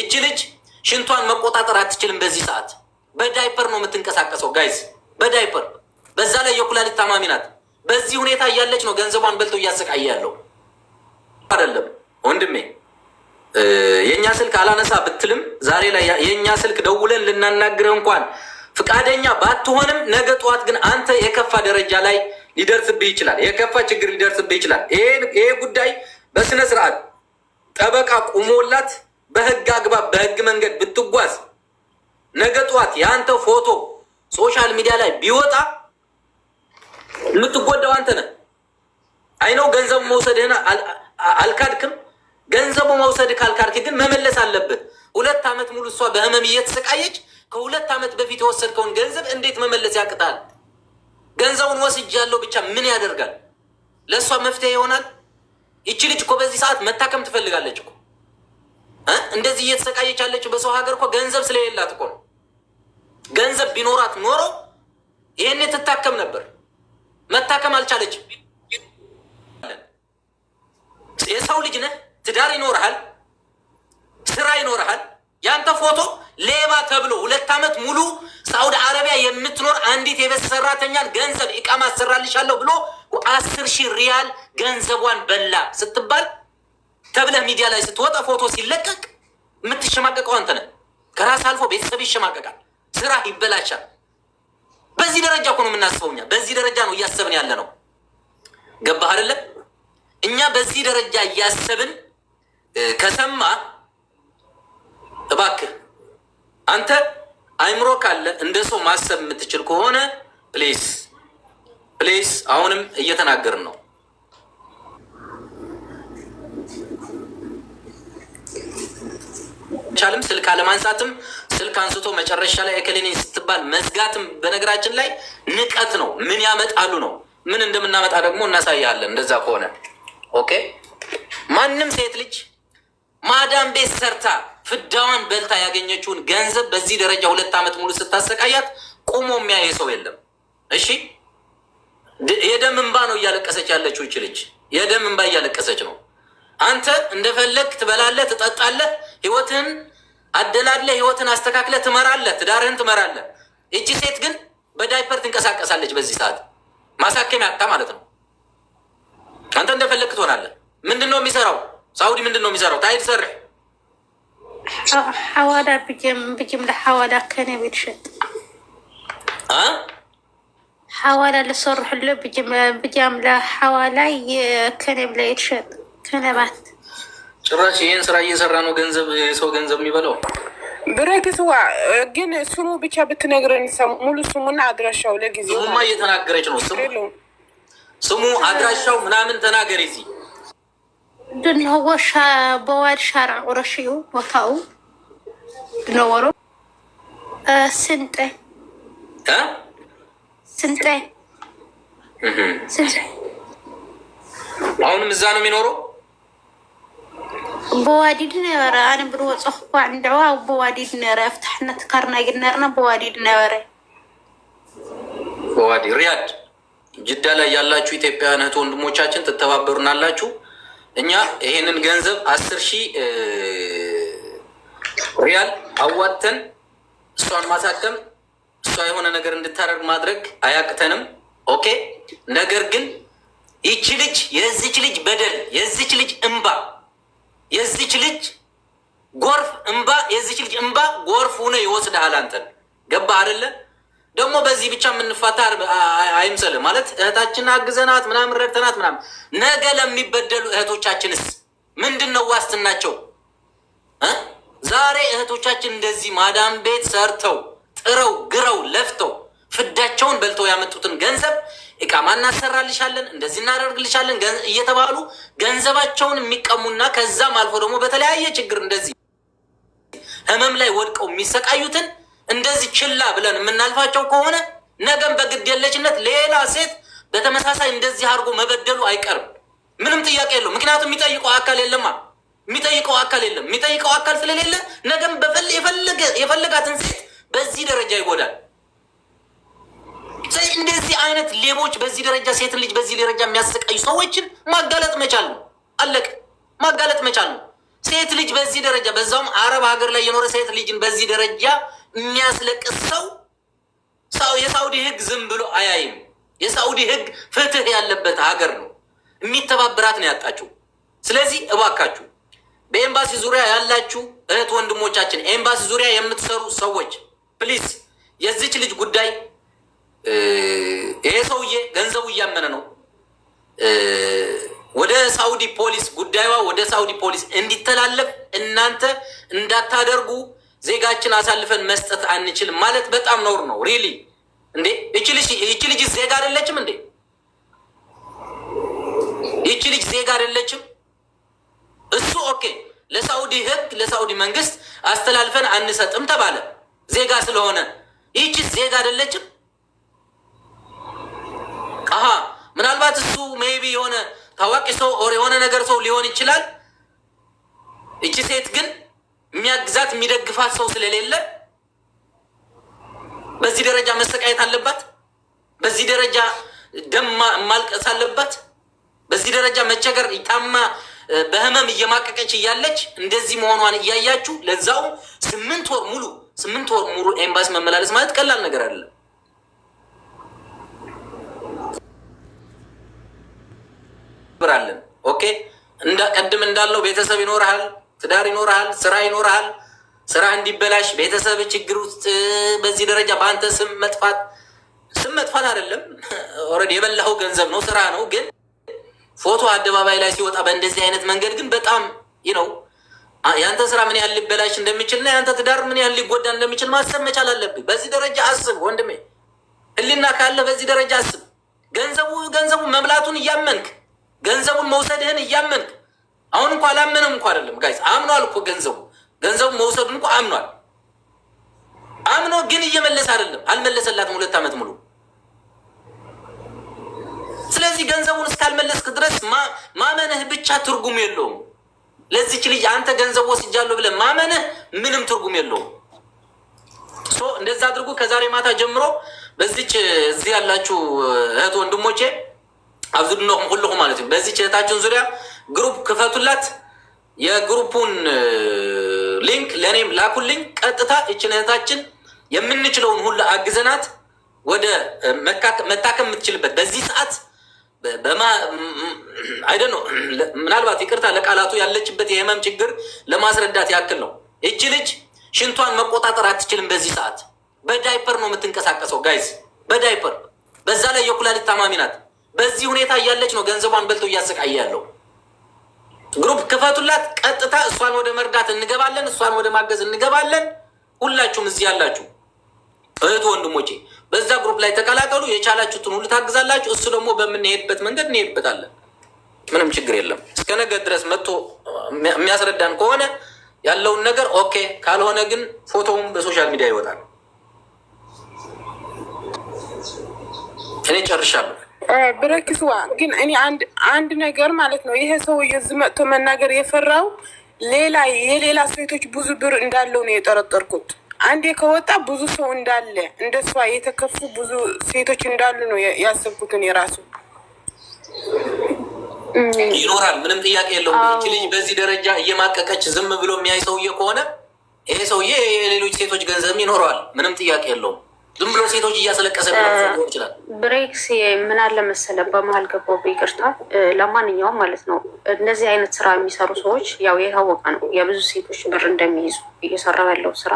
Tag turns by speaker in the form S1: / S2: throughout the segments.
S1: እች ልጅ ሽንቷን መቆጣጠር አትችልም። በዚህ ሰዓት በዳይፐር ነው የምትንቀሳቀሰው፣ ጋይዝ በዳይፐር በዛ ላይ የኩላሊት ታማሚ ናት። በዚህ ሁኔታ እያለች ነው ገንዘቧን በልቶ እያሰቃየ ያለው አይደለም ወንድሜ። የእኛ ስልክ አላነሳ ብትልም ዛሬ ላይ የእኛ ስልክ ደውለን ልናናግርህ እንኳን ፍቃደኛ ባትሆንም ነገ ጠዋት ግን አንተ የከፋ ደረጃ ላይ ሊደርስብህ ይችላል። የከፋ ችግር ሊደርስብህ ይችላል። ይሄ ጉዳይ በስነ ስርዓት ጠበቃ ቁሞላት በህግ አግባብ በህግ መንገድ ብትጓዝ ነገ ጠዋት የአንተ ፎቶ ሶሻል ሚዲያ ላይ ቢወጣ የምትጎዳው አንተ ነህ። አይነው ገንዘቡ መውሰድህን አልካድክም። ገንዘቡ መውሰድ ካልካድክ ግን መመለስ አለብህ። ሁለት ዓመት ሙሉ እሷ በህመም እየተሰቃየች ከሁለት ዓመት በፊት የወሰድከውን ገንዘብ እንዴት መመለስ ያቅጣል? ገንዘቡን ወስጃለሁ ብቻ ምን ያደርጋል? ለእሷ መፍትሄ ይሆናል? ይቺ ልጅ እኮ በዚህ ሰዓት መታከም ትፈልጋለች እኮ እንደዚህ እየተሰቃየች ያለችው በሰው ሀገር እኮ ገንዘብ ስለሌላት እኮ ነው። ገንዘብ ቢኖራት ኖሮ ይህን ትታከም ነበር። መታከም አልቻለችም። የሰው ልጅ ነህ፣ ትዳር ይኖርሃል፣ ስራ ይኖርሃል። ያንተ ፎቶ ሌባ ተብሎ ሁለት ዓመት ሙሉ ሳውዲ አረቢያ የምትኖር አንዲት የቤት ሰራተኛን ገንዘብ ኢቃማ አሰራልሻለሁ ብሎ አስር ሺህ ሪያል ገንዘቧን በላ ስትባል ተብለህ ሚዲያ ላይ ስትወጣ ፎቶ ሲለቀቅ የምትሸማቀቀው አንተ ነህ። ከራስ አልፎ ቤተሰብ ይሸማቀቃል፣ ስራ ይበላሻል። በዚህ ደረጃ እኮ ነው የምናስበው እኛ በዚህ ደረጃ ነው እያሰብን ያለ ነው። ገባህ አይደለም? እኛ በዚህ ደረጃ እያሰብን ከሰማ እባክህ አንተ አይምሮ ካለ እንደ ሰው ማሰብ የምትችል ከሆነ ፕሌስ ፕሌስ አሁንም እየተናገርን ነው አለመቻልም፣ ስልክ አለማንሳትም፣ ስልክ አንስቶ መጨረሻ ላይ እከሌነኝ ስትባል መዝጋትም በነገራችን ላይ ንቀት ነው። ምን ያመጣሉ ነው። ምን እንደምናመጣ ደግሞ እናሳያለን። እንደዛ ከሆነ ኦኬ። ማንም ሴት ልጅ ማዳም ቤት ሰርታ ፍዳዋን በልታ ያገኘችውን ገንዘብ በዚህ ደረጃ ሁለት ዓመት ሙሉ ስታሰቃያት ቁሞ የሚያየ ሰው የለም። እሺ የደም እንባ ነው እያለቀሰች ያለችው ይች ልጅ የደም እንባ እያለቀሰች ነው። አንተ እንደፈለግ ትበላለህ፣ ትጠጣለህ ህይወትህን አደላለ ህይወትን አስተካክለ ትመራለ፣ ትዳርህን ትመራለ። እቺ ሴት ግን በዳይፐር ትንቀሳቀሳለች። በዚህ ሰዓት ማሳከሚያ ያጣ ማለት ነው። አንተ እንደፈለግ ትሆናለህ። ምንድን ነው የሚሰራው? ሳውዲ ምንድን ነው የሚሰራው? ታይድ ሰርሕ
S2: ሐዋዳ ብጅምላ ሐዋዳ ከነ ቤት ሸጥ ሐዋላ ልሰርሕሎ ብጅምላ ሐዋላ ከነ ብላ የትሸጥ ከነባት
S1: ጭራሽ ይህን ስራ እየሰራ ነው ገንዘብ የሰው ገንዘብ የሚበላው።
S3: ብረግዝዋ ግን ስሙ ብቻ ብትነግረን ሙሉ ስሙና አድራሻው ለጊዜ
S1: ስሙማ እየተናገረች ነው። ስሙ ስሙ አድራሻው ምናምን ተናገር። ዚ
S2: ድንህዎ በዋድ ሻራ ቁረሽዩ ቦታው ድነወሮ ስንጠ ስንጠ ስንጠ
S1: አሁንም እዛ ነው የሚኖረው
S2: ብዋዲድ ነበረ ኣነ ብልወፀ ኳ ንድዕዋ ብዋዲድ ነረ ኣፍታሕነት ትካርና ነርና ብዋዲድ ነበረ
S1: ብዋዲ ሪያድ ጅዳ ላይ ያላችሁ ኢትዮጵያውያን እህት ወንድሞቻችን ትተባበሩናላችሁ። እኛ ይሄንን ገንዘብ አስር ሺህ ሪያል አዋጥተን እሷን ማሳከም እሷ የሆነ ነገር እንድታደርግ ማድረግ አያቅተንም። ኦኬ። ነገር ግን ይቺ ልጅ የዚች ልጅ በደል የዚች ልጅ እምባ የዚች ልጅ ጎርፍ እንባ የዚች ልጅ እንባ ጎርፍ ሆነ ይወስድሃል። አንተን ገባ አይደለ? ደግሞ በዚህ ብቻ የምንፋታ አይምሰል ማለት እህታችን አግዘናት ምናምን ረድተናት ምናምን፣ ነገ ለሚበደሉ እህቶቻችንስ ምንድን ነው ዋስትናቸው? ዛሬ እህቶቻችን እንደዚህ ማዳም ቤት ሰርተው ጥረው ግረው ለፍተው ፍዳቸውን በልተው ያመጡትን ገንዘብ እቃማ እናሰራልሻለን፣ እንደዚህ እናደርግልሻለን እየተባሉ ገንዘባቸውን የሚቀሙና ከዛም አልፎ ደግሞ በተለያየ ችግር እንደዚህ ህመም ላይ ወድቀው የሚሰቃዩትን እንደዚህ ችላ ብለን የምናልፋቸው ከሆነ ነገም በግድ የለችነት ሌላ ሴት በተመሳሳይ እንደዚህ አድርጎ መበደሉ አይቀርም። ምንም ጥያቄ የለው። ምክንያቱም የሚጠይቀው አካል የለማ የሚጠይቀው አካል የለም። የሚጠይቀው አካል ስለሌለ ነገም የፈለጋትን ሴት በዚህ ደረጃ ይጎዳል። እንደዚህ አይነት ሌቦች በዚህ ደረጃ ሴትን ልጅ በዚህ ደረጃ የሚያሰቃዩ ሰዎችን ማጋለጥ መቻል ነው። አለቅ ማጋለጥ መቻል ነው። ሴት ልጅ በዚህ ደረጃ በዛውም አረብ ሀገር ላይ የኖረ ሴት ልጅን በዚህ ደረጃ የሚያስለቅስ ሰው የሳውዲ ህግ ዝም ብሎ አያይም። የሳውዲ ህግ ፍትህ ያለበት ሀገር ነው። የሚተባብራት ነው ያጣችሁ። ስለዚህ እባካችሁ በኤምባሲ ዙሪያ ያላችሁ እህት ወንድሞቻችን፣ ኤምባሲ ዙሪያ የምትሰሩ ሰዎች ፕሊስ የዚች ልጅ ጉዳይ ይሄ ሰውዬ ገንዘቡ እያመነ ነው ወደ ሳውዲ ፖሊስ ጉዳዩዋ ወደ ሳውዲ ፖሊስ እንዲተላለፍ እናንተ እንዳታደርጉ ዜጋችን አሳልፈን መስጠት አንችልም ማለት በጣም ነውር ነው። ሪሊ እንዴ! ይቺ ልጅ ዜጋ አይደለችም እንዴ? ይቺ ልጅ ዜጋ አይደለችም። እሱ ኦኬ፣ ለሳውዲ ህግ ለሳውዲ መንግስት አስተላልፈን አንሰጥም ተባለ ዜጋ ስለሆነ። ይቺ ዜጋ አይደለችም። ምናልባት እሱ ሜቢ የሆነ ታዋቂ ሰው ኦር የሆነ ነገር ሰው ሊሆን ይችላል። እቺ ሴት ግን የሚያግዛት የሚደግፋት ሰው ስለሌለ በዚህ ደረጃ መሰቃየት አለባት። በዚህ ደረጃ ደም ማልቀስ አለባት። በዚህ ደረጃ መቸገር ጣማ በህመም እየማቀቀች እያለች እንደዚህ መሆኗን እያያችሁ ለዛው ስምንት ወር ሙሉ ስምንት ወር ሙሉ ኤምባሲ መመላለስ ማለት ቀላል ነገር አይደለም። አለን። ኦኬ ቀድም እንዳለው ቤተሰብ ይኖርሃል፣ ትዳር ይኖርሃል፣ ስራ ይኖርሃል። ስራ እንዲበላሽ ቤተሰብ ችግር ውስጥ በዚህ ደረጃ በአንተ ስም መጥፋት ስም መጥፋት አይደለም፣ ኦልሬዲ የበላኸው ገንዘብ ነው፣ ስራ ነው። ግን ፎቶ አደባባይ ላይ ሲወጣ በእንደዚህ አይነት መንገድ ግን በጣም ነው የአንተ ስራ ምን ያህል ሊበላሽ እንደሚችል እና የአንተ ትዳር ምን ያህል ሊጎዳ እንደሚችል ማሰብ መቻል አለብህ። በዚህ ደረጃ አስብ ወንድሜ፣ ህሊና ካለ በዚህ ደረጃ አስብ። ገንዘቡ ገንዘቡ መብላቱን እያመንክ ገንዘቡን መውሰድህን እያመንክ አሁን እንኳ አላመንም እንኳ አይደለም ጋይስ፣ አምኗል እኮ ገንዘቡ ገንዘቡ መውሰዱን እንኳ አምኗል። አምኖ ግን እየመለሰ አይደለም፣ አልመለሰላትም ሁለት ዓመት ሙሉ። ስለዚህ ገንዘቡን እስካልመለስክ ድረስ ማመንህ ብቻ ትርጉም የለውም። ለዚች ልጅ አንተ ገንዘብ ወስጃለሁ ብለህ ማመንህ ምንም ትርጉም የለውም። እንደዛ አድርጉ። ከዛሬ ማታ ጀምሮ በዚች እዚህ ያላችሁ እህት ወንድሞቼ አብዙድነቁም ሁልኩም ማለት ነው። በዚህ ችህታችን ዙሪያ ግሩፕ ክፈቱላት። የግሩፑን ሊንክ ለእኔም ላኩልኝ። ቀጥታ እችነታችን የምንችለውን ሁሉ አግዘናት ወደ መታከም የምትችልበት በዚህ ሰዓት አይደ ነው። ምናልባት ይቅርታ ለቃላቱ ያለችበት የህመም ችግር ለማስረዳት ያክል ነው። እቺ ልጅ ሽንቷን መቆጣጠር አትችልም። በዚህ ሰዓት በዳይፐር ነው የምትንቀሳቀሰው። ጋይዝ በዳይፐር በዛ ላይ የኩላሊት ታማሚ ናት። በዚህ ሁኔታ እያለች ነው ገንዘቧን በልቶ እያሰቃየ ያለው። ግሩፕ ክፈቱላት፣ ቀጥታ እሷን ወደ መርዳት እንገባለን፣ እሷን ወደ ማገዝ እንገባለን። ሁላችሁም እዚህ ያላችሁ እህቱ ወንድሞቼ በዛ ግሩፕ ላይ ተቀላቀሉ። የቻላችሁትን ሁሉ ታግዛላችሁ። እሱ ደግሞ በምንሄድበት መንገድ እንሄድበታለን። ምንም ችግር የለም። እስከ ነገ ድረስ መጥቶ የሚያስረዳን ከሆነ ያለውን ነገር ኦኬ፣ ካልሆነ ግን ፎቶውም በሶሻል ሚዲያ ይወጣል። እኔ ጨርሻለሁ።
S3: ብረክስዋ ግን እኔ አንድ ነገር ማለት ነው ይሄ ሰውዬ እዚህ መጥቶ መናገር የፈራው ሌላ የሌላ ሴቶች ብዙ ብር እንዳለው ነው የጠረጠርኩት። አንዴ ከወጣ ብዙ ሰው እንዳለ እንደሷ የተከፉ ብዙ ሴቶች እንዳሉ ነው ያሰብኩትን የራሱ
S1: ይኖራል። ምንም ጥያቄ የለውም። ልጅ በዚህ ደረጃ እየማቀቀች ዝም ብሎ የሚያይ ሰውዬ ከሆነ ይሄ ሰውዬ የሌሎች ሴቶች ገንዘብ ይኖረዋል። ምንም ጥያቄ የለውም። ዝም ብሎ ሴቶች እያስለቀሰ
S4: ይችላል። ብሬክስ ምን አለ መሰለ በመሀል ገባሁ፣ በይቅርታ። ለማንኛውም ማለት ነው እነዚህ አይነት ስራ የሚሰሩ ሰዎች ያው የታወቀ ነው የብዙ ሴቶች ብር እንደሚይዙ እየሰራ ያለው ስራ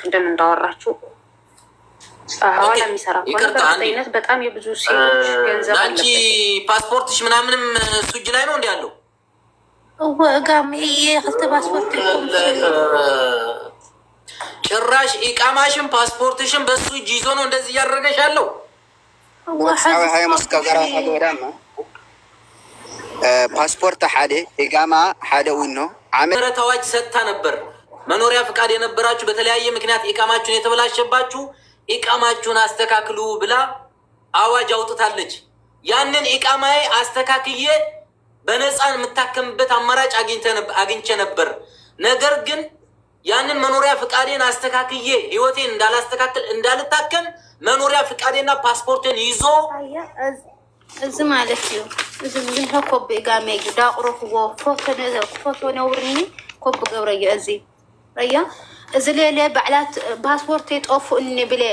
S4: ቅድም እንዳወራችው ሐዋላ የሚሰራ ነት በጣም የብዙ ሴቶች
S1: ገንዘብ አንቺ ፓስፖርትሽ ምናምንም እሱ እጅ ላይ ነው እንዲ ያለው
S2: እወ እጋም ክልተ ፓስፖርት
S1: ጭራሽ ኢቃማሽን ፓስፖርትሽን በሱ እጅ ይዞ ነው እንደዚህ እያደረገሽ ያለው።
S5: ፓስፖርት ሓደ ኢቃማ ሓደ ውኖ
S1: ምህረት አዋጅ ሰጥታ ነበር። መኖሪያ ፍቃድ የነበራችሁ በተለያየ ምክንያት ኢቃማችሁን የተበላሸባችሁ ኢቃማችሁን አስተካክሉ ብላ አዋጅ አውጥታለች። ያንን ኢቃማዬ አስተካክዬ በነፃ የምታከምበት አማራጭ አግኝቼ ነበር። ነገር ግን ያንን ፍቃዴን አስተካክዬ ህይወቴን እንዳላስተካክል እንዳልታከም መኖሪያ ፍቃዴና ፓስፖርትን ይዞ
S2: እዚ ማለት እዩ እዚ ብዙሕ ኮቢ ጋሜይ ዳቁሮ ክዎ ፎቶ ነውርኒ ኮቢ ገብረዮ እዚ ረዮ እዚ ሌለ ባዕላት ፓስፖርቴ ጠፉእኒ ብለ